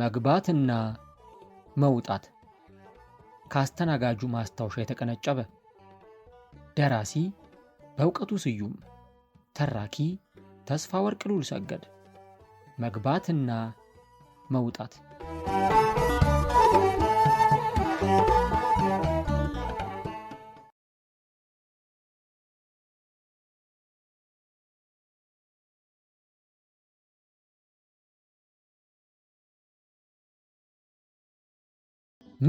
መግባትና መውጣት ካስተናጋጁ ማስታወሻ የተቀነጨበ ደራሲ በእውቀቱ ስዩም ተራኪ ተስፋ ወርቅ ሉል ሰገድ መግባትና መውጣት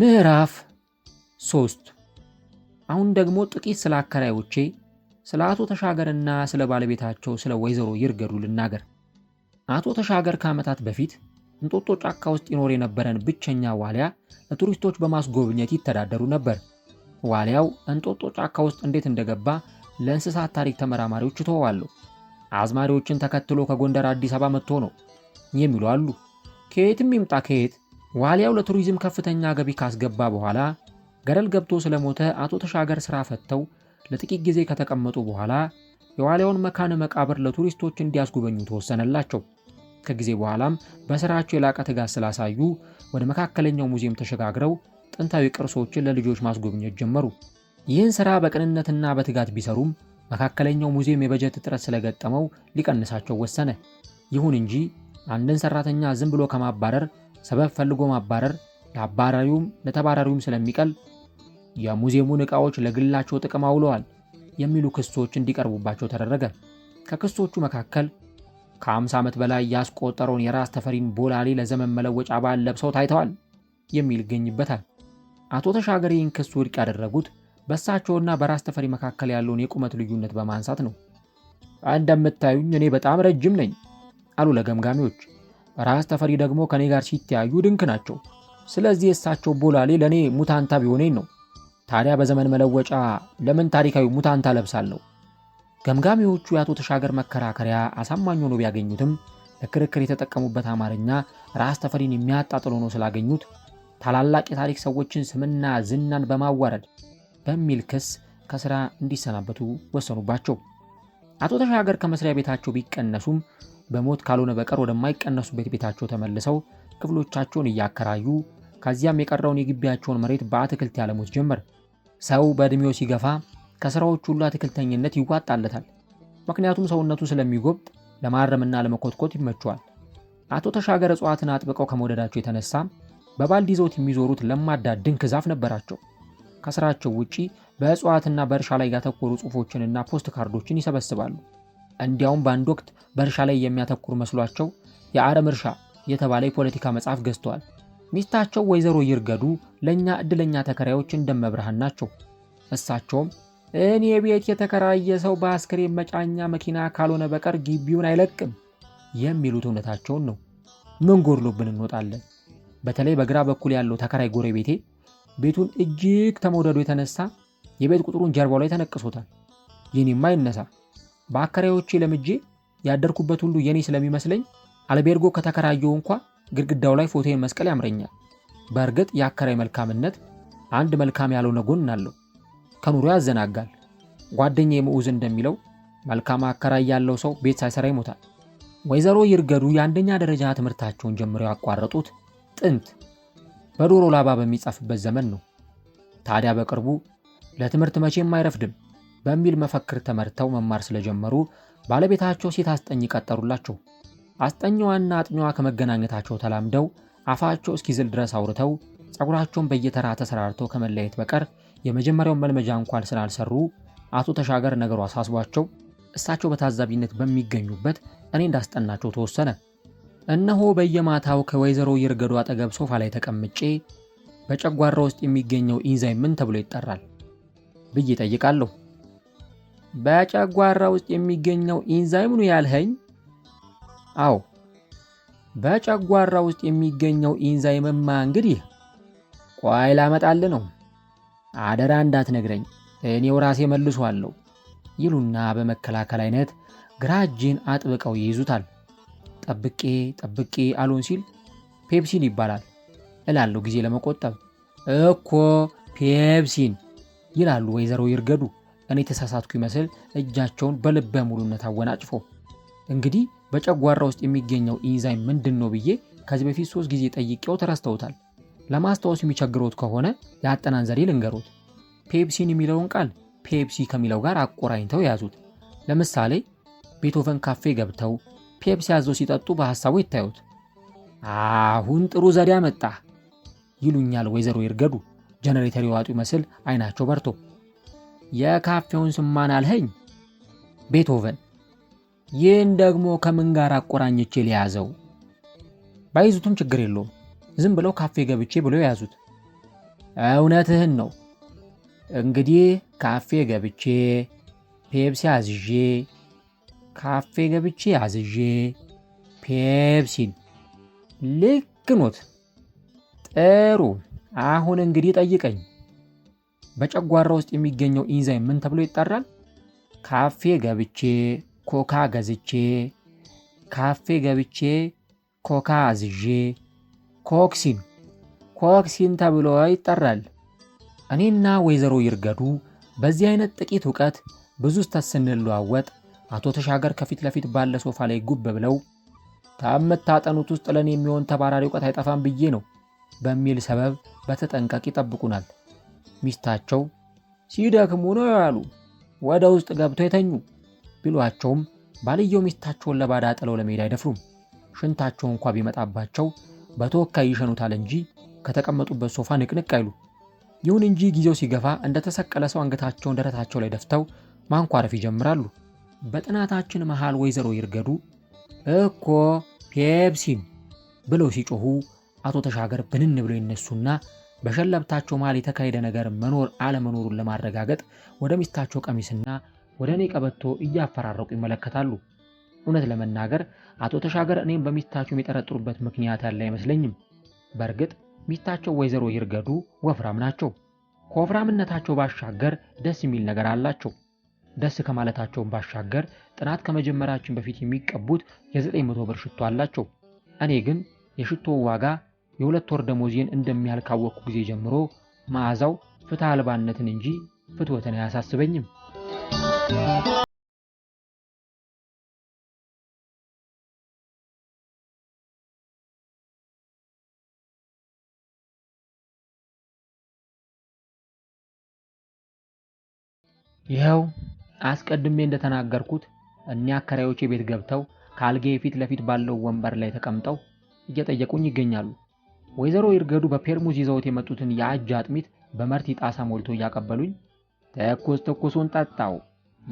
ምዕራፍ ሶስት አሁን ደግሞ ጥቂት ስለ አከራዮቼ ስለ አቶ ተሻገርና ስለ ባለቤታቸው ስለ ወይዘሮ ይርገዱ ልናገር። አቶ ተሻገር ከዓመታት በፊት እንጦጦ ጫካ ውስጥ ይኖር የነበረን ብቸኛ ዋልያ ለቱሪስቶች በማስጎብኘት ይተዳደሩ ነበር። ዋልያው እንጦጦ ጫካ ውስጥ እንዴት እንደገባ ለእንስሳት ታሪክ ተመራማሪዎች እተወዋለሁ። አዝማሪዎችን ተከትሎ ከጎንደር አዲስ አበባ መጥቶ ነው የሚሉ አሉ። ከየትም ይምጣ ከየት ዋልያው ለቱሪዝም ከፍተኛ ገቢ ካስገባ በኋላ ገደል ገብቶ ስለሞተ አቶ ተሻገር ስራ ፈተው ለጥቂት ጊዜ ከተቀመጡ በኋላ የዋሊያውን መካነ መቃብር ለቱሪስቶች እንዲያስጎበኙ ተወሰነላቸው። ከጊዜ በኋላም በስራቸው የላቀ ትጋት ስላሳዩ ወደ መካከለኛው ሙዚየም ተሸጋግረው ጥንታዊ ቅርሶችን ለልጆች ማስጎብኘት ጀመሩ። ይህን ስራ በቅንነትና በትጋት ቢሰሩም መካከለኛው ሙዚየም የበጀት እጥረት ስለገጠመው ሊቀንሳቸው ወሰነ። ይሁን እንጂ አንድን ሰራተኛ ዝም ብሎ ከማባረር ሰበብ ፈልጎ ማባረር ለአባራሪውም ለተባራሪውም ስለሚቀል የሙዚየሙን ዕቃዎች ለግላቸው ጥቅም አውለዋል የሚሉ ክሶች እንዲቀርቡባቸው ተደረገ። ከክሶቹ መካከል ከ50 ዓመት በላይ ያስቆጠረውን የራስ ተፈሪን ቦላሌ ለዘመን መለወጫ በዓል ለብሰው ታይተዋል የሚል ይገኝበታል። አቶ ተሻገር ይህን ክስ ውድቅ ያደረጉት በእሳቸውና በራስ ተፈሪ መካከል ያለውን የቁመት ልዩነት በማንሳት ነው። እንደምታዩኝ እኔ በጣም ረጅም ነኝ አሉ ለገምጋሚዎች። ራስ ተፈሪ ደግሞ ከእኔ ጋር ሲተያዩ ድንክ ናቸው። ስለዚህ የእሳቸው ቦላሌ ለእኔ ሙታንታ ቢሆነኝ ነው። ታዲያ በዘመን መለወጫ ለምን ታሪካዊ ሙታንታ ለብሳለሁ? ገምጋሚዎቹ የአቶ ተሻገር መከራከሪያ አሳማኝ ሆኖ ቢያገኙትም ለክርክር የተጠቀሙበት አማርኛ ራስ ተፈሪን የሚያጣጥል ሆኖ ስላገኙት ታላላቅ የታሪክ ሰዎችን ስምና ዝናን በማዋረድ በሚል ክስ ከስራ እንዲሰናበቱ ወሰኑባቸው። አቶ ተሻገር ከመስሪያ ቤታቸው ቢቀነሱም በሞት ካልሆነ በቀር ወደማይቀነሱበት ቤታቸው ተመልሰው ክፍሎቻቸውን እያከራዩ ከዚያም የቀረውን የግቢያቸውን መሬት በአትክልት ያለሙት ጀመር። ሰው በዕድሜው ሲገፋ ከስራዎቹ ሁሉ አትክልተኝነት ይዋጣለታል። ምክንያቱም ሰውነቱ ስለሚጎብጥ ለማረምና ለመኮትኮት ይመቸዋል። አቶ ተሻገር እጽዋትን አጥብቀው ከመውደዳቸው የተነሳ በባልዲ ይዘውት የሚዞሩት ለማዳ ድንክ ዛፍ ነበራቸው። ከስራቸው ውጪ በእጽዋትና በእርሻ ላይ ያተኮሩ ጽሑፎችንና ፖስት ካርዶችን ይሰበስባሉ። እንዲያውም በአንድ ወቅት በእርሻ ላይ የሚያተኩር መስሏቸው የአረም እርሻ የተባለ የፖለቲካ መጽሐፍ ገዝተዋል። ሚስታቸው ወይዘሮ ይርገዱ ለእኛ ዕድለኛ ተከራዮች እንደመብርሃን ናቸው። እሳቸውም እኔ ቤት የተከራየ ሰው በአስክሬን መጫኛ መኪና ካልሆነ በቀር ግቢውን አይለቅም የሚሉት እውነታቸውን ነው። ምን ጎድሎብን እንወጣለን? በተለይ በግራ በኩል ያለው ተከራይ ጎረቤቴ ቤቱን እጅግ ተመውደዱ የተነሳ የቤት ቁጥሩን ጀርባው ላይ ተነቅሶታል። የኔማ ይነሳ። በአከራዮቼ ለምጄ ያደርኩበት ሁሉ የኔ ስለሚመስለኝ አልቤርጎ ከተከራየው እንኳ ግድግዳው ላይ ፎቶዬን መስቀል ያምረኛል። በእርግጥ የአከራይ መልካምነት አንድ መልካም ያልሆነ ጎን አለው። ከኑሮ ያዘናጋል። ጓደኛ የምዑዝ እንደሚለው መልካም አከራይ ያለው ሰው ቤት ሳይሰራ ይሞታል። ወይዘሮ ይርገዱ የአንደኛ ደረጃ ትምህርታቸውን ጀምረው ያቋረጡት ጥንት በዶሮ ላባ በሚጻፍበት ዘመን ነው። ታዲያ በቅርቡ ለትምህርት መቼም አይረፍድም በሚል መፈክር ተመርተው መማር ስለጀመሩ ባለቤታቸው ሴት አስጠኝ ቀጠሩላቸው። አስጠኛዋና አጥኛዋ ከመገናኘታቸው ተላምደው አፋቸው እስኪዝል ድረስ አውርተው ፀጉራቸውን በየተራ ተሰራርተው ከመለየት በቀር የመጀመሪያውን መልመጃ እንኳን ስላልሰሩ አቶ ተሻገር ነገሩ አሳስቧቸው እሳቸው በታዛቢነት በሚገኙበት እኔ እንዳስጠናቸው ተወሰነ። እነሆ በየማታው ከወይዘሮ ይርገዱ አጠገብ ሶፋ ላይ ተቀምጬ በጨጓራ ውስጥ የሚገኘው ኢንዛይም ምን ተብሎ ይጠራል ብዬ ጠይቃለሁ። በጨጓራ ውስጥ የሚገኘው ኢንዛይም ነው ያልኸኝ? አዎ፣ በጨጓራ ውስጥ የሚገኘው ኢንዛይምማ እንግዲህ ቆይ ላመጣልህ ነው አደራ እንዳትነግረኝ እኔው ራሴ መልሷለሁ ይሉና በመከላከል አይነት ግራ እጅን አጥብቀው ይይዙታል። ጠብቄ ጠብቄ አሉን ሲል ፔፕሲን ይባላል እላለሁ ጊዜ ለመቆጠብ። እኮ ፔፕሲን ይላሉ ወይዘሮ ይርገዱ እኔ ተሳሳትኩ ይመስል እጃቸውን በልበ ሙሉነት አወናጭፎ። እንግዲህ በጨጓራ ውስጥ የሚገኘው ኢንዛይም ምንድን ነው ብዬ ከዚህ በፊት ሶስት ጊዜ ጠይቄው ተረስተውታል። ለማስታወስ የሚቸግሮት ከሆነ የአጠናን ዘዴ ልንገሮት። ፔፕሲን የሚለውን ቃል ፔፕሲ ከሚለው ጋር አቆራኝተው ያዙት ለምሳሌ ቤቶቨን ካፌ ገብተው ፔፕሲ አዘው ሲጠጡ በሐሳቡ ይታዩት። አሁን ጥሩ ዘዴ አመጣ ይሉኛል ወይዘሮ ይርገዱ ጀነሬተር የዋጡ መስል አይናቸው በርቶ። የካፌውን ስማን አልኸኝ ቤቶቨን ይህን ደግሞ ከምን ጋር አቆራኝቼ ሊያዘው ባይዙትም ችግር የለውም። ዝም ብለው ካፌ ገብቼ ብለው የያዙት። እውነትህን ነው። እንግዲህ ካፌ ገብቼ ፔፕሲ አዝዤ ካፌ ገብቼ አዝዤ ፔፕሲን ልክ ኖት። ጥሩ አሁን እንግዲህ ጠይቀኝ። በጨጓራ ውስጥ የሚገኘው ኢንዛይም ምን ተብሎ ይጠራል? ካፌ ገብቼ ኮካ ገዝቼ ካፌ ገብቼ ኮካ አዝዤ ኮክሲን ኮክሲን ተብሎ ይጠራል። እኔና ወይዘሮ ይርገዱ በዚህ አይነት ጥቂት እውቀት ብዙ ስተት ስንለዋወጥ አቶ ተሻገር ከፊት ለፊት ባለ ሶፋ ላይ ጉብ ብለው ከምታጠኑት ውስጥ ለኔ የሚሆን ተባራሪ እውቀት አይጠፋም ብዬ ነው በሚል ሰበብ በተጠንቀቅ ይጠብቁናል። ሚስታቸው ሲደክሙ ነው ያሉ ወደ ውስጥ ገብተው የተኙ ቢሏቸውም ባልየው ሚስታቸውን ለባዳ ጥለው ለመሄድ አይደፍሩም። ሽንታቸው እንኳ ቢመጣባቸው በተወካይ ይሸኑታል እንጂ ከተቀመጡበት ሶፋ ንቅንቅ አይሉ። ይሁን እንጂ ጊዜው ሲገፋ እንደተሰቀለ ሰው አንገታቸውን ደረታቸው ላይ ደፍተው ማንኳረፍ ይጀምራሉ። በጥናታችን መሃል ወይዘሮ ይርገዱ እኮ ፔፕሲን ብለው ሲጮኹ አቶ ተሻገር ብንን ብለው ይነሱና በሸለብታቸው መሃል የተካሄደ ነገር መኖር አለመኖሩን ለማረጋገጥ ወደ ሚስታቸው ቀሚስና ወደ እኔ ቀበቶ እያፈራረቁ ይመለከታሉ። እውነት ለመናገር አቶ ተሻገር እኔም በሚስታቸው የሚጠረጥሩበት ምክንያት ያለ አይመስለኝም። በእርግጥ ሚስታቸው ወይዘሮ ይርገዱ ወፍራም ናቸው። ከወፍራምነታቸው ባሻገር ደስ የሚል ነገር አላቸው። ደስ ከማለታቸውን ባሻገር ጥናት ከመጀመራችን በፊት የሚቀቡት የ900 ብር ሽቶ አላቸው። እኔ ግን የሽቶው ዋጋ የሁለት ወር ደሞዜን እንደሚያህል ካወቅኩ ጊዜ ጀምሮ መዓዛው ፍትህ አልባነትን እንጂ ፍትወትን አያሳስበኝም። ይኸው አስቀድሜ እንደተናገርኩት እኒያ አከራዮቼ ቤት ገብተው ካልጌ ፊት ለፊት ባለው ወንበር ላይ ተቀምጠው እየጠየቁኝ ይገኛሉ። ወይዘሮ ይርገዱ በፔርሙዝ ይዘውት የመጡትን የአጅ አጥሚት በመርቲ ጣሳ ሞልቶ እያቀበሉኝ ትኩስ ትኩሱን ጠጣው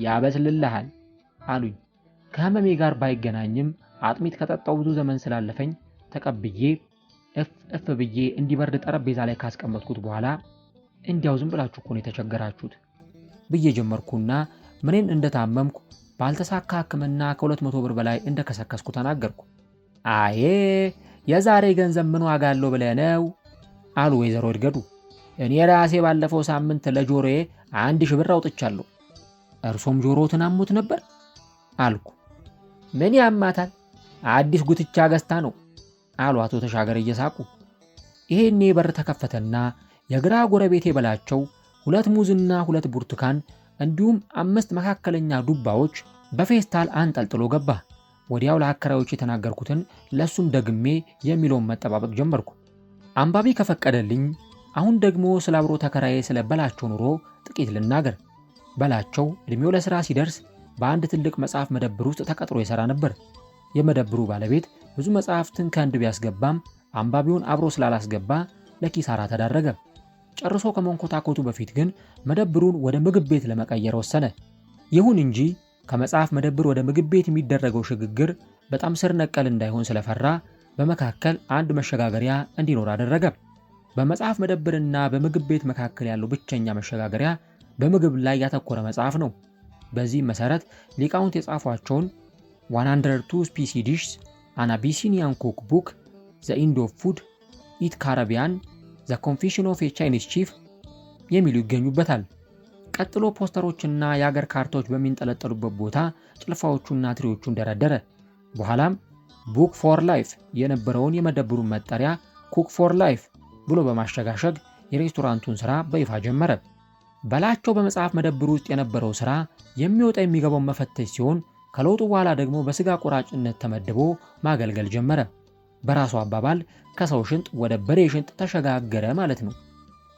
ያበስልልሃል አሉኝ። ከህመሜ ጋር ባይገናኝም አጥሚት ከጠጣው ብዙ ዘመን ስላለፈኝ ተቀብዬ እፍ እፍ ብዬ እንዲበርድ ጠረጴዛ ላይ ካስቀመጥኩት በኋላ እንዲያው ዝም ብላችሁ እኮ ነው የተቸገራችሁት ብዬ ጀመርኩና ምኔን እንደታመምኩ ባልተሳካ ሕክምና ከሁለት መቶ ብር በላይ እንደከሰከስኩ ተናገርኩ። አዬ የዛሬ ገንዘብ ምን ዋጋ አለው ብለህ ነው አሉ ወይዘሮ እድገዱ። እኔ ራሴ ባለፈው ሳምንት ለጆሮዬ አንድ ሺህ ብር አውጥቻለሁ። እርሶም ጆሮትን አሞት ነበር አልኩ። ምን ያማታል አዲስ ጉትቻ ገዝታ ነው አሉ አቶ ተሻገር እየሳቁ። ይሄኔ በር ተከፈተና የግራ ጎረቤቴ በላቸው ሁለት ሙዝና ሁለት ብርቱካን እንዲሁም አምስት መካከለኛ ዱባዎች በፌስታል አንጠልጥሎ ገባ። ወዲያው ለአከራዮች የተናገርኩትን ለእሱም ደግሜ የሚለውን መጠባበቅ ጀመርኩ። አንባቢ ከፈቀደልኝ አሁን ደግሞ ስለ አብሮ ተከራዬ ስለ በላቸው ኑሮ ጥቂት ልናገር። በላቸው ዕድሜው ለሥራ ሲደርስ በአንድ ትልቅ መጽሐፍ መደብር ውስጥ ተቀጥሮ ይሠራ ነበር። የመደብሩ ባለቤት ብዙ መጽሐፍትን ከእንድ ቢያስገባም አንባቢውን አብሮ ስላላስገባ ለኪሳራ ተዳረገ። ጨርሶ ከመንኮታኮቱ በፊት ግን መደብሩን ወደ ምግብ ቤት ለመቀየር ወሰነ። ይሁን እንጂ ከመጽሐፍ መደብር ወደ ምግብ ቤት የሚደረገው ሽግግር በጣም ስር ነቀል እንዳይሆን ስለፈራ በመካከል አንድ መሸጋገሪያ እንዲኖር አደረገ። በመጽሐፍ መደብርና በምግብ ቤት መካከል ያለው ብቸኛ መሸጋገሪያ በምግብ ላይ ያተኮረ መጽሐፍ ነው። በዚህም መሰረት ሊቃውንት የጻፏቸውን 102 ስፒሲ ዲሽስ፣ አናቢሲኒያን ኩክ ቡክ፣ ፉድ፣ ኢት ካረቢያን ዘ ኮንፌሽን ኦፍ የቻይኒስ ቺፍ የሚሉ ይገኙበታል። ቀጥሎ ፖስተሮችና የአገር ካርታዎች በሚንጠለጠሉበት ቦታ ጭልፋዎቹና ትሪዎቹን ደረደረ። በኋላም ቡክ ፎር ላይፍ የነበረውን የመደብሩን መጠሪያ ኩክ ፎር ላይፍ ብሎ በማሸጋሸግ የሬስቶራንቱን ሥራ በይፋ ጀመረ። በላቸው በመጽሐፍ መደብሩ ውስጥ የነበረው ሥራ የሚወጣ የሚገባውን መፈተሽ ሲሆን ከለውጡ በኋላ ደግሞ በሥጋ ቆራጭነት ተመድቦ ማገልገል ጀመረ። በራሱ አባባል ከሰው ሽንጥ ወደ በሬ ሽንጥ ተሸጋገረ ማለት ነው።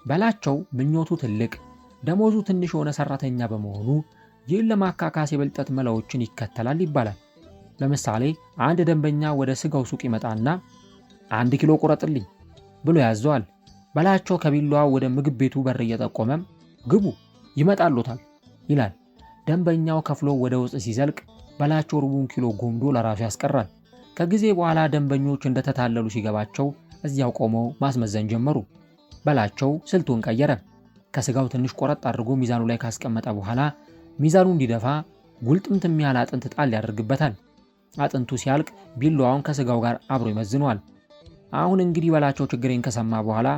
በላቸው ምኞቱ ትልቅ፣ ደሞዙ ትንሽ የሆነ ሰራተኛ በመሆኑ ይህን ለማካካስ የብልጠት መላዎችን ይከተላል ይባላል። ለምሳሌ አንድ ደንበኛ ወደ ስጋው ሱቅ ይመጣና አንድ ኪሎ ቁረጥልኝ ብሎ ያዘዋል። በላቸው ከቢላዋ ወደ ምግብ ቤቱ በር እየጠቆመ ግቡ ይመጣሉታል ይላል። ደንበኛው ከፍሎ ወደ ውስጥ ሲዘልቅ በላቸው ሩቡን ኪሎ ጎምዶ ለራሱ ያስቀራል። ከጊዜ በኋላ ደንበኞች እንደተታለሉ ሲገባቸው እዚያው ቆመው ማስመዘን ጀመሩ። በላቸው ስልቱን ቀየረ። ከስጋው ትንሽ ቆረጥ አድርጎ ሚዛኑ ላይ ካስቀመጠ በኋላ ሚዛኑ እንዲደፋ ጉልጥምትም ያለ አጥንት ጣል ያደርግበታል። አጥንቱ ሲያልቅ ቢላዋውን ከስጋው ጋር አብሮ ይመዝነዋል። አሁን እንግዲህ በላቸው ችግሬን ከሰማ በኋላ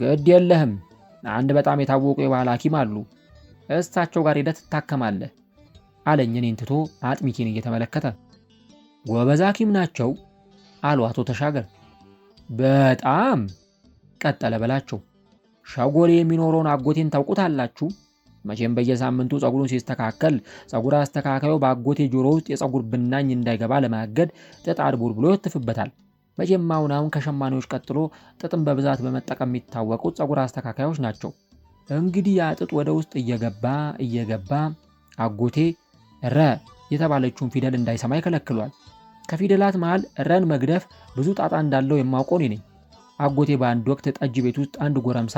ግድ የለህም፣ አንድ በጣም የታወቁ የባህል ሐኪም አሉ፣ እሳቸው ጋር ሂደህ ትታከማለህ አለኝ እኔን ትቶ አጥሚቴን እየተመለከተ ጎበዝ ሐኪም ናቸው አሉ አቶ ተሻገር። በጣም ቀጠለ በላቸው። ሸጎሌ የሚኖረውን አጎቴን ታውቁታላችሁ? መቼም በየሳምንቱ ጸጉሩን ሲስተካከል ጸጉር አስተካካዩ በአጎቴ ጆሮ ውስጥ የጸጉር ብናኝ እንዳይገባ ለማገድ ጥጥ አድቡር ብሎ ይወትፍበታል። መቼም አሁን አሁን ከሸማኔዎች ቀጥሎ ጥጥን በብዛት በመጠቀም የሚታወቁት ጸጉር አስተካካዮች ናቸው። እንግዲህ ያ ጥጥ ወደ ውስጥ እየገባ እየገባ አጎቴ ረ የተባለችውን ፊደል እንዳይሰማ ይከለክሏል። ከፊደላት መሃል ረን መግደፍ ብዙ ጣጣ እንዳለው የማውቀው እኔ ነኝ። አጎቴ በአንድ ወቅት ጠጅ ቤት ውስጥ አንድ ጎረምሳ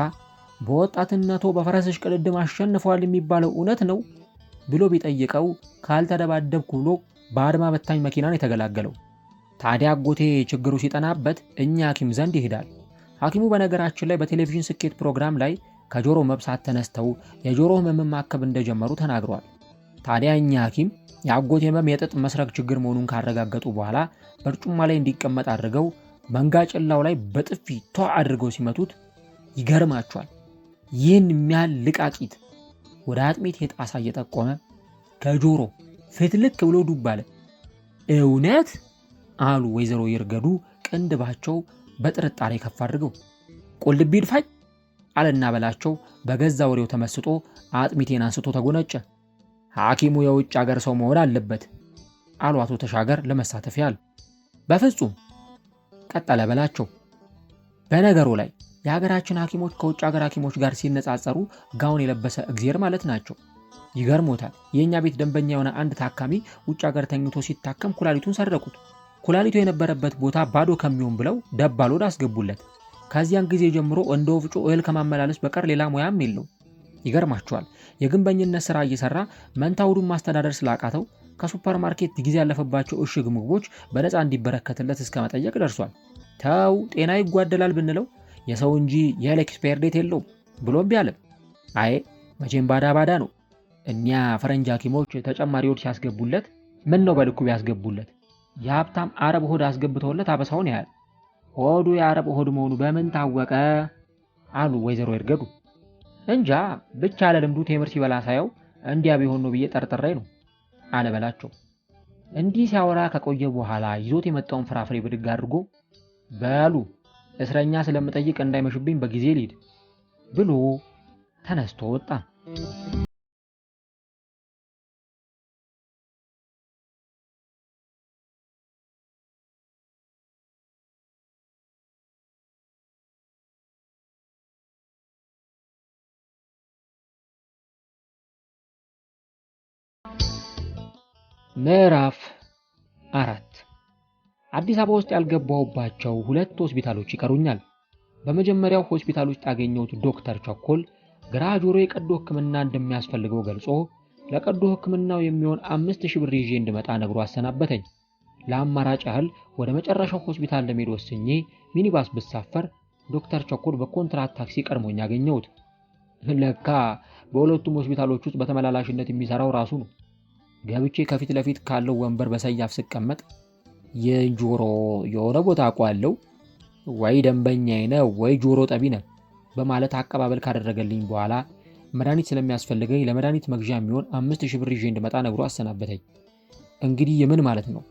በወጣትነቶ በፈረሰሽ ቅድድም አሸንፈዋል የሚባለው እውነት ነው ብሎ ቢጠይቀው ካልተደባደብኩ ብሎ በአድማ በታኝ መኪናን የተገላገለው። ታዲያ አጎቴ ችግሩ ሲጠናበት እኛ ሐኪም ዘንድ ይሄዳል። ሐኪሙ በነገራችን ላይ በቴሌቪዥን ስኬት ፕሮግራም ላይ ከጆሮ መብሳት ተነስተው የጆሮ ህመም ማከብ እንደጀመሩ ተናግሯል። ታዲያ እኛ ሐኪም የአጎቴ ህመም የጥጥ መስረቅ ችግር መሆኑን ካረጋገጡ በኋላ በርጩማ ላይ እንዲቀመጥ አድርገው መንጋ ላይ በጥፊ ቶ አድርገው ሲመቱት ይገርማቸዋል። ይህን የሚያህል ልቃቂት ወደ አጥሚት የጣሳ እየጠቆመ ከጆሮ ፍትልክ ብሎ ዱብ አለ። እውነት አሉ ወይዘሮ ይርገዱ ቅንድባቸው በጥርጣሬ ከፍ አድርገው። ቁልቢ ድፋኝ አለና በላቸው በገዛ ወሬው ተመስጦ አጥሚቴን አንስቶ ተጎነጨ። ሐኪሙ የውጭ አገር ሰው መሆን አለበት አሉ አቶ ተሻገር ለመሳተፍ ያል በፍጹም ቀጠለ በላቸው። በነገሩ ላይ የሀገራችን ሐኪሞች ከውጭ ሀገር ሐኪሞች ጋር ሲነጻጸሩ ጋውን የለበሰ እግዜር ማለት ናቸው። ይገርሞታል። የእኛ ቤት ደንበኛ የሆነ አንድ ታካሚ ውጭ ሀገር ተኝቶ ሲታከም ኩላሊቱን ሰረቁት። ኩላሊቱ የነበረበት ቦታ ባዶ ከሚሆን ብለው ደባሎድ አስገቡለት። ከዚያን ጊዜ ጀምሮ እንደ ወፍጮ እህል ከማመላለስ በቀር ሌላ ሙያም የለው። ይገርማቸዋል። የግንበኝነት ስራ እየሰራ መንታ ማስተዳደር ስላቃተው ከሱፐርማርኬት ጊዜ ያለፈባቸው እሽግ ምግቦች በነፃ እንዲበረከትለት እስከ መጠየቅ ደርሷል። ተው ጤና ይጓደላል ብንለው የሰው እንጂ የህል ዴት የለውም ብሎም ቢያለም አይ መቼም ባዳ ባዳ ነው። እኒያ ፈረንጅ ሐኪሞች ተጨማሪዎች ሲያስገቡለት ምን ነው በልኩ ቢያስገቡለት የሀብታም አረብ ሆድ አስገብተውለት አበሳውን ያያል። ሆዱ የአረብ ሆድ መሆኑ በምን ታወቀ? አሉ ወይዘሮ ይርገዱ። እንጃ ብቻ ለልምዱ ቴምር ሲበላ ሳየው እንዲያ ቢሆን ነው ብዬ ጠርጥሬ ነው አለ እንዲህ ሲያወራ ከቆየ በኋላ ይዞት የመጣውን ፍራፍሬ ብድግ አድርጎ በሉ እስረኛ ስለምጠይቅ እንዳይመሽብኝ በጊዜ ልሂድ ብሎ ተነስቶ ወጣ። ምዕራፍ አራት አዲስ አበባ ውስጥ ያልገባሁባቸው ሁለት ሆስፒታሎች ይቀሩኛል። በመጀመሪያው ሆስፒታል ውስጥ ያገኘሁት ዶክተር ቸኮል ግራ ጆሮ ቀዶ ሕክምና እንደሚያስፈልገው ገልጾ ለቀዶ ሕክምናው የሚሆን አምስት ሺህ ብር ይዤ እንድመጣ ነግሮ አሰናበተኝ። ለአማራጭ ያህል ወደ መጨረሻው ሆስፒታል ለመሄድ ወስኜ ሚኒባስ ብሳፈር ዶክተር ቸኮል በኮንትራት ታክሲ ቀድሞኝ ያገኘሁት። ለካ በሁለቱም ሆስፒታሎች ውስጥ በተመላላሽነት የሚሰራው ራሱ ነው። ገብቼ ከፊት ለፊት ካለው ወንበር በሰያፍ ስቀመጥ የጆሮ የሆነ ቦታ አውቀዋለሁ ወይ ደንበኛዬ ነው ወይ ጆሮ ጠቢ ነው በማለት አቀባበል ካደረገልኝ በኋላ መድኃኒት ስለሚያስፈልገኝ ለመድኃኒት መግዣ የሚሆን አምስት ሺህ ብር ይዤ እንድመጣ ነግሮ አሰናበተኝ። እንግዲህ የምን ማለት ነው?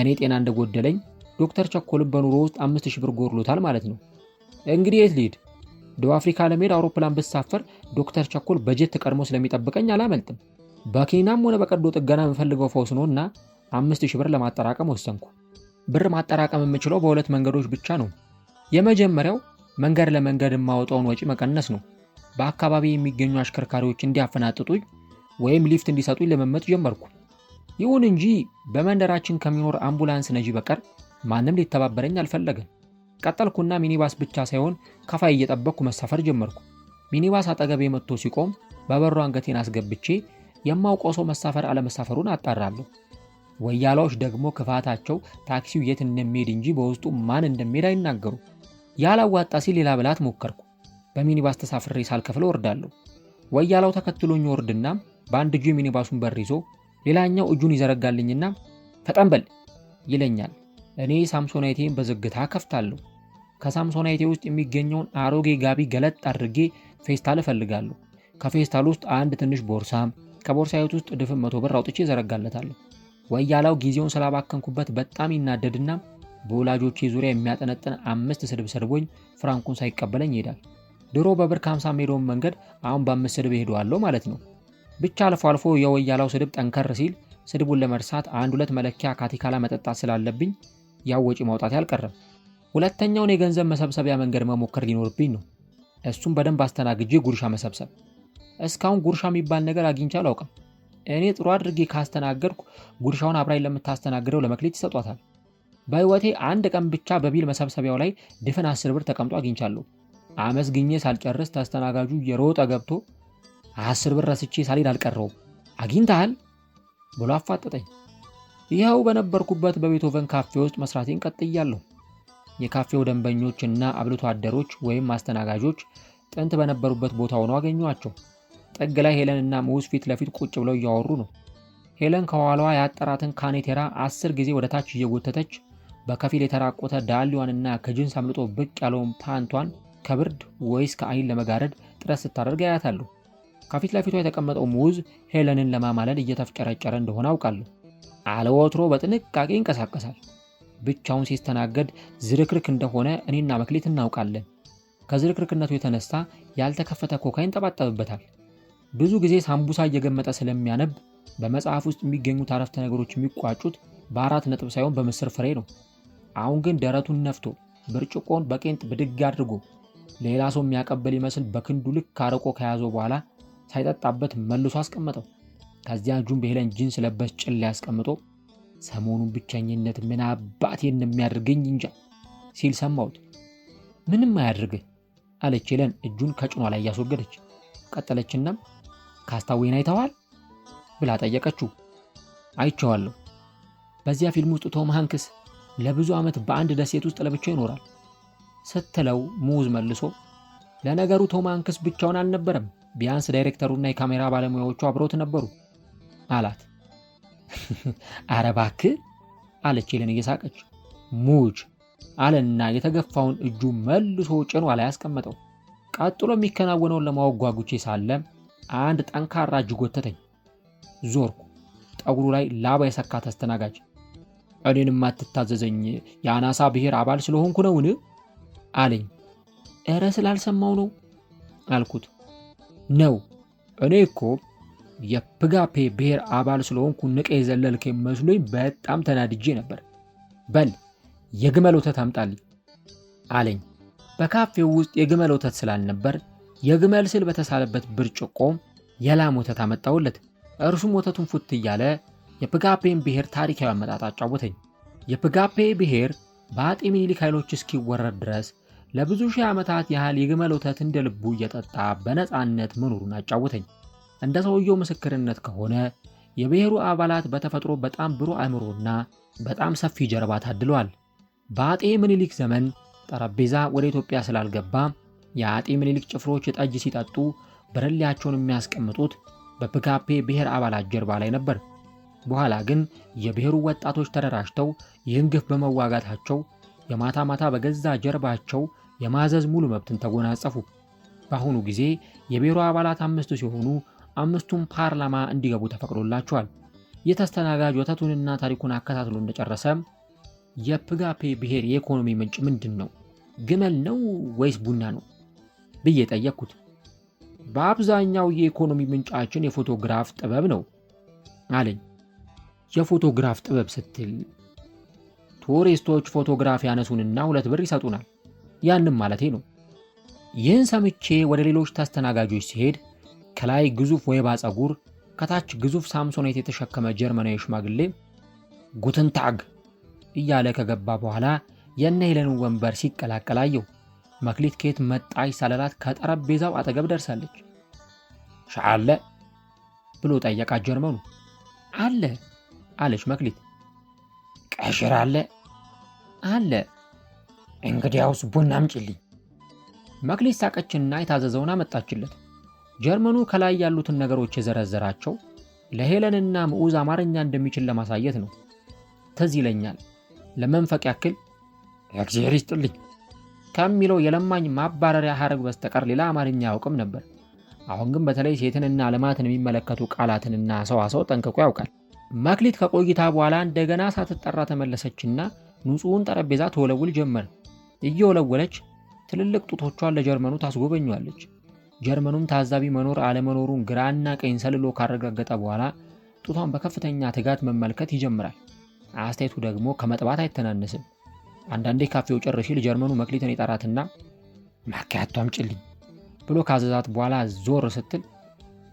እኔ ጤና እንደጎደለኝ ዶክተር ቸኮልም በኑሮ ውስጥ አምስት ሺህ ብር ጎድሎታል ማለት ነው። እንግዲህ የት ልሂድ? ደቡብ አፍሪካ ለመሄድ አውሮፕላን ብሳፈር ዶክተር ቸኮል በጀት ቀድሞ ስለሚጠብቀኝ አላመልጥም። በኬናም ሆነ በቀዶ ጥገና የምፈልገው ፈውስ ነው እና አምስት ሺህ ብር ለማጠራቀም ወሰንኩ። ብር ማጠራቀም የምችለው በሁለት መንገዶች ብቻ ነው። የመጀመሪያው መንገድ ለመንገድ የማወጣውን ወጪ መቀነስ ነው። በአካባቢ የሚገኙ አሽከርካሪዎች እንዲያፈናጥጡኝ ወይም ሊፍት እንዲሰጡኝ ለመመጥ ጀመርኩ። ይሁን እንጂ በመንደራችን ከሚኖር አምቡላንስ ነጂ በቀር ማንም ሊተባበረኝ አልፈለገም። ቀጠልኩና ሚኒባስ ብቻ ሳይሆን ከፋይ እየጠበቅኩ መሳፈር ጀመርኩ። ሚኒባስ አጠገቤ መጥቶ ሲቆም በበሩ አንገቴን አስገብቼ የማውቀው ሰው መሳፈር አለመሳፈሩን አጣራለሁ። ወያላዎች ደግሞ ክፋታቸው ታክሲው የት እንደሚሄድ እንጂ በውስጡ ማን እንደሚሄድ አይናገሩ? ያላዋጣ ሲል ሌላ ብላት ሞከርኩ። በሚኒባስ ተሳፍሬ ሳልከፍል ወርዳለሁ። ወያላው ተከትሎኝ ወርድና በአንድ እጁ የሚኒባሱን በር ይዞ ሌላኛው እጁን ይዘረጋልኝና ፈጠን በል ይለኛል። እኔ ሳምሶናይቴን በዝግታ ከፍታለሁ። ከሳምሶናይቴ ውስጥ የሚገኘውን አሮጌ ጋቢ ገለጥ አድርጌ ፌስታል እፈልጋለሁ። ከፌስታል ውስጥ አንድ ትንሽ ቦርሳም ከቦርሳዬ ውስጥ ድፍን መቶ ብር አውጥቼ ዘረጋለታለሁ። ወያላው ጊዜውን ስላባከንኩበት በጣም ይናደድና በወላጆቼ ዙሪያ የሚያጠነጥን አምስት ስድብ ሰድቦኝ ፍራንኩን ሳይቀበለኝ ይሄዳል። ድሮ በብር ከ50 ሄደውን መንገድ አሁን በአምስት ስድብ ሄደዋለሁ ማለት ነው። ብቻ አልፎ አልፎ የወያላው ስድብ ጠንከር ሲል ስድቡን ለመርሳት አንድ ሁለት መለኪያ ካቲካላ መጠጣት ስላለብኝ ያው ወጪ ማውጣት ያልቀረም። ሁለተኛውን የገንዘብ መሰብሰቢያ መንገድ መሞከር ሊኖርብኝ ነው። እሱም በደንብ አስተናግጄ ጉርሻ መሰብሰብ እስካሁን ጉርሻ የሚባል ነገር አግኝቼ አላውቅም። እኔ ጥሩ አድርጌ ካስተናገድኩ ጉርሻውን አብራኝ ለምታስተናግደው ለመክሊት ይሰጧታል። በህይወቴ አንድ ቀን ብቻ በቢል መሰብሰቢያው ላይ ድፍን አስር ብር ተቀምጦ አግኝቻለሁ። አመስግኜ ሳልጨርስ ተስተናጋጁ የሮጠ ገብቶ አስር ብር ረስቼ ሳልሄድ አልቀረውም። አግኝተሃል ብሎ አፋጠጠኝ። ይኸው በነበርኩበት በቤቶቨን ካፌ ውስጥ መስራቴን ቀጥያለሁ። የካፌው ደንበኞች እና አብልቶ አደሮች ወይም አስተናጋጆች ጥንት በነበሩበት ቦታ ሆነው አገኟቸው። ጥግ ላይ ሄለን እና ምውዝ ፊት ለፊት ቁጭ ብለው እያወሩ ነው። ሄለን ከኋላዋ ያጠራትን ካኔቴራ አስር ጊዜ ወደ ታች እየጎተተች በከፊል የተራቆተ ዳሊዋንና ከጅንስ አምልጦ ብቅ ያለውን ፓንቷን ከብርድ ወይስ ከአይን ለመጋረድ ጥረት ስታደርግ ያያታሉ። ከፊት ለፊቷ የተቀመጠው ምውዝ ሄለንን ለማማለል እየተፍጨረጨረ እንደሆነ አውቃለሁ። አለወትሮ በጥንቃቄ ይንቀሳቀሳል። ብቻውን ሲስተናገድ ዝርክርክ እንደሆነ እኔና መክሌት እናውቃለን። ከዝርክርክነቱ የተነሳ ያልተከፈተ ኮካ ይንጠባጠብበታል። ብዙ ጊዜ ሳምቡሳ እየገመጠ ስለሚያነብ በመጽሐፍ ውስጥ የሚገኙት አረፍተ ነገሮች የሚቋጩት በአራት ነጥብ ሳይሆን በምስር ፍሬ ነው። አሁን ግን ደረቱን ነፍቶ ብርጭቆውን በቄንጥ ብድግ አድርጎ ሌላ ሰው የሚያቀብል ይመስል በክንዱ ልክ አርቆ ከያዘው በኋላ ሳይጠጣበት መልሶ አስቀመጠው። ከዚያ እጁን በሄለን ጂንስ ለበስ ጭን ላይ አስቀምጦ ሰሞኑን ብቸኝነት ምን አባቴን የሚያደርገኝ እንጃ ሲል ሰማሁት። ምንም አያድርግህ አለች ሄለን እጁን ከጭኗ ላይ እያስወገደች ቀጠለችናም ካስታወይን አይተዋል ብላ ጠየቀችው። አይቸዋለሁ በዚያ ፊልም ውስጥ ቶም ሃንክስ ለብዙ ዓመት በአንድ ደሴት ውስጥ ለብቻ ይኖራል ስትለው ሙዝ መልሶ ለነገሩ ቶም ሃንክስ ብቻውን አልነበረም፣ ቢያንስ ዳይሬክተሩና የካሜራ ባለሙያዎቹ አብረውት ነበሩ አላት። አረባክ አለች ሄለን እየሳቀች። ሙጅ አለና የተገፋውን እጁ መልሶ ጭኗ ላይ አስቀመጠው። ቀጥሎ የሚከናወነውን ለማወጓጉቼ ሳለም አንድ ጠንካራ እጅ ጎተተኝ። ዞርኩ። ጠጉሩ ላይ ላባ የሰካት አስተናጋጅ እኔን የማትታዘዘኝ የአናሳ ብሔር አባል ስለሆንኩ ነውን? አለኝ። እረ ስላልሰማው ነው አልኩት። ነው እኔ እኮ የፕጋፔ ብሔር አባል ስለሆንኩ ንቀ የዘለልከኝ መስሎኝ በጣም ተናድጄ ነበር። በል የግመል ወተት አምጣልኝ አለኝ። በካፌው ውስጥ የግመል ወተት ስላልነበር የግመል ስል በተሳለበት ብርጭቆ የላም ወተት አመጣውለት። እርሱም ወተቱን ፉት እያለ የፕጋፔን ብሔር ታሪካዊ አመጣጥ አጫወተኝ። የፕጋፔ ብሔር በአጤ ምኒልክ ኃይሎች እስኪወረድ ድረስ ለብዙ ሺህ ዓመታት ያህል የግመል ወተት እንደ ልቡ እየጠጣ በነፃነት መኖሩን አጫወተኝ። እንደ ሰውየው ምስክርነት ከሆነ የብሔሩ አባላት በተፈጥሮ በጣም ብሩህ አእምሮና በጣም ሰፊ ጀርባ ታድለዋል። በአጤ ምኒልክ ዘመን ጠረጴዛ ወደ ኢትዮጵያ ስላልገባ የአጤ ምኒልክ ጭፍሮች የጠጅ ሲጠጡ ብርሌያቸውን የሚያስቀምጡት በፕካፔ ብሔር አባላት ጀርባ ላይ ነበር። በኋላ ግን የብሔሩ ወጣቶች ተደራጅተው ይህን ግፍ በመዋጋታቸው የማታ ማታ በገዛ ጀርባቸው የማዘዝ ሙሉ መብትን ተጎናጸፉ። በአሁኑ ጊዜ የብሔሩ አባላት አምስቱ ሲሆኑ አምስቱም ፓርላማ እንዲገቡ ተፈቅዶላቸዋል። የተስተናጋጅ ወተቱንና ታሪኩን አከታትሎ እንደጨረሰ የፕጋፔ ብሔር የኢኮኖሚ ምንጭ ምንድን ነው? ግመል ነው ወይስ ቡና ነው? ብዬ ጠየቅኩት። በአብዛኛው የኢኮኖሚ ምንጫችን የፎቶግራፍ ጥበብ ነው አለኝ። የፎቶግራፍ ጥበብ ስትል ቱሪስቶች ፎቶግራፍ ያነሱንና ሁለት ብር ይሰጡናል፣ ያንም ማለቴ ነው። ይህን ሰምቼ ወደ ሌሎች ተስተናጋጆች ሲሄድ ከላይ ግዙፍ ወይባ ጸጉር፣ ከታች ግዙፍ ሳምሶኔት የተሸከመ ጀርመናዊ ሽማግሌ ጉትንታግ እያለ ከገባ በኋላ የነ ወንበር ሲቀላቀል አየሁ። መክሊት ከየት መጣይ ሳለላት ከጠረጴዛው አጠገብ ደርሳለች። ሻህ አለ ብሎ ጠየቃት ጀርመኑ። አለ አለች መክሊት። ቀሽር አለ አለ። እንግዲያውስ ቡና አምጪልኝ። መክሊት ሳቀችና የታዘዘውን አመጣችለት። ጀርመኑ ከላይ ያሉትን ነገሮች የዘረዘራቸው ለሄለንና ምዑዝ አማርኛ እንደሚችል ለማሳየት ነው። ትዝ ይለኛል ለመንፈቅ ያክል እግዚአብሔር ይስጥልኝ ከሚለው የለማኝ ማባረሪያ ሀረግ በስተቀር ሌላ አማርኛ አያውቅም ነበር። አሁን ግን በተለይ ሴትንና ልማትን የሚመለከቱ ቃላትንና ሰዋሰው ጠንቅቆ ያውቃል። መክሊት ከቆይታ በኋላ እንደገና ሳትጠራ ተመለሰችና ንጹሑን ጠረጴዛ ትወለውል ጀመር። እየወለወለች ትልልቅ ጡቶቿን ለጀርመኑ ታስጎበኟለች። ጀርመኑም ታዛቢ መኖር አለመኖሩን ግራና ቀኝ ሰልሎ ካረጋገጠ በኋላ ጡቷን በከፍተኛ ትጋት መመልከት ይጀምራል። አስተያየቱ ደግሞ ከመጥባት አይተናነስም። አንዳንዴ ካፌው ጭር ሲል ጀርመኑ መክሊትን ይጠራትና ማካያቱ አምጭልኝ ብሎ ካዘዛት በኋላ ዞር ስትል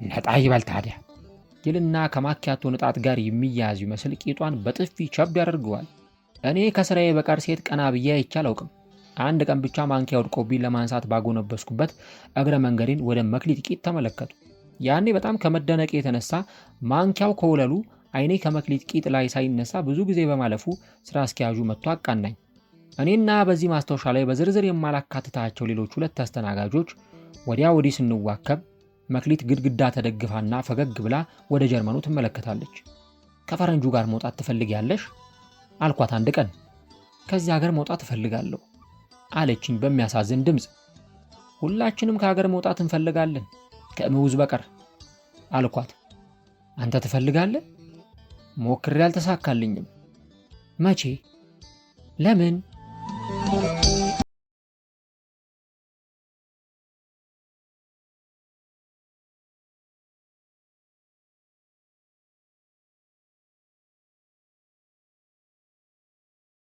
ነጣ ይበል ታዲያ ይልና ከማኪያቶ ንጣት ጋር የሚያያዝ ይመስል ቂጧን በጥፊ ቸብ ያደርገዋል። እኔ ከስራዬ በቀር ሴት ቀና ብዬ አይቼ አላውቅም። አንድ ቀን ብቻ ማንኪያ ወድቆብኝ ለማንሳት ባጎነበስኩበት እግረ መንገዴን ወደ መክሊት ቂጥ ተመለከቱ። ያኔ በጣም ከመደነቅ የተነሳ ማንኪያው ከወለሉ አይኔ ከመክሊት ቂጥ ላይ ሳይነሳ ብዙ ጊዜ በማለፉ ስራ አስኪያዡ መጥቶ አቃናኝ። እኔና በዚህ ማስታወሻ ላይ በዝርዝር የማላካትታቸው ሌሎች ሁለት አስተናጋጆች ወዲያ ወዲህ ስንዋከብ መክሊት ግድግዳ ተደግፋና ፈገግ ብላ ወደ ጀርመኑ ትመለከታለች። ከፈረንጁ ጋር መውጣት ትፈልጊያለሽ አልኳት። አንድ ቀን ከዚህ ሀገር መውጣት እፈልጋለሁ አለችኝ በሚያሳዝን ድምፅ። ሁላችንም ከሀገር መውጣት እንፈልጋለን ከእምውዝ በቀር አልኳት። አንተ ትፈልጋለህ? ሞክሬ አልተሳካልኝም። መቼ? ለምን?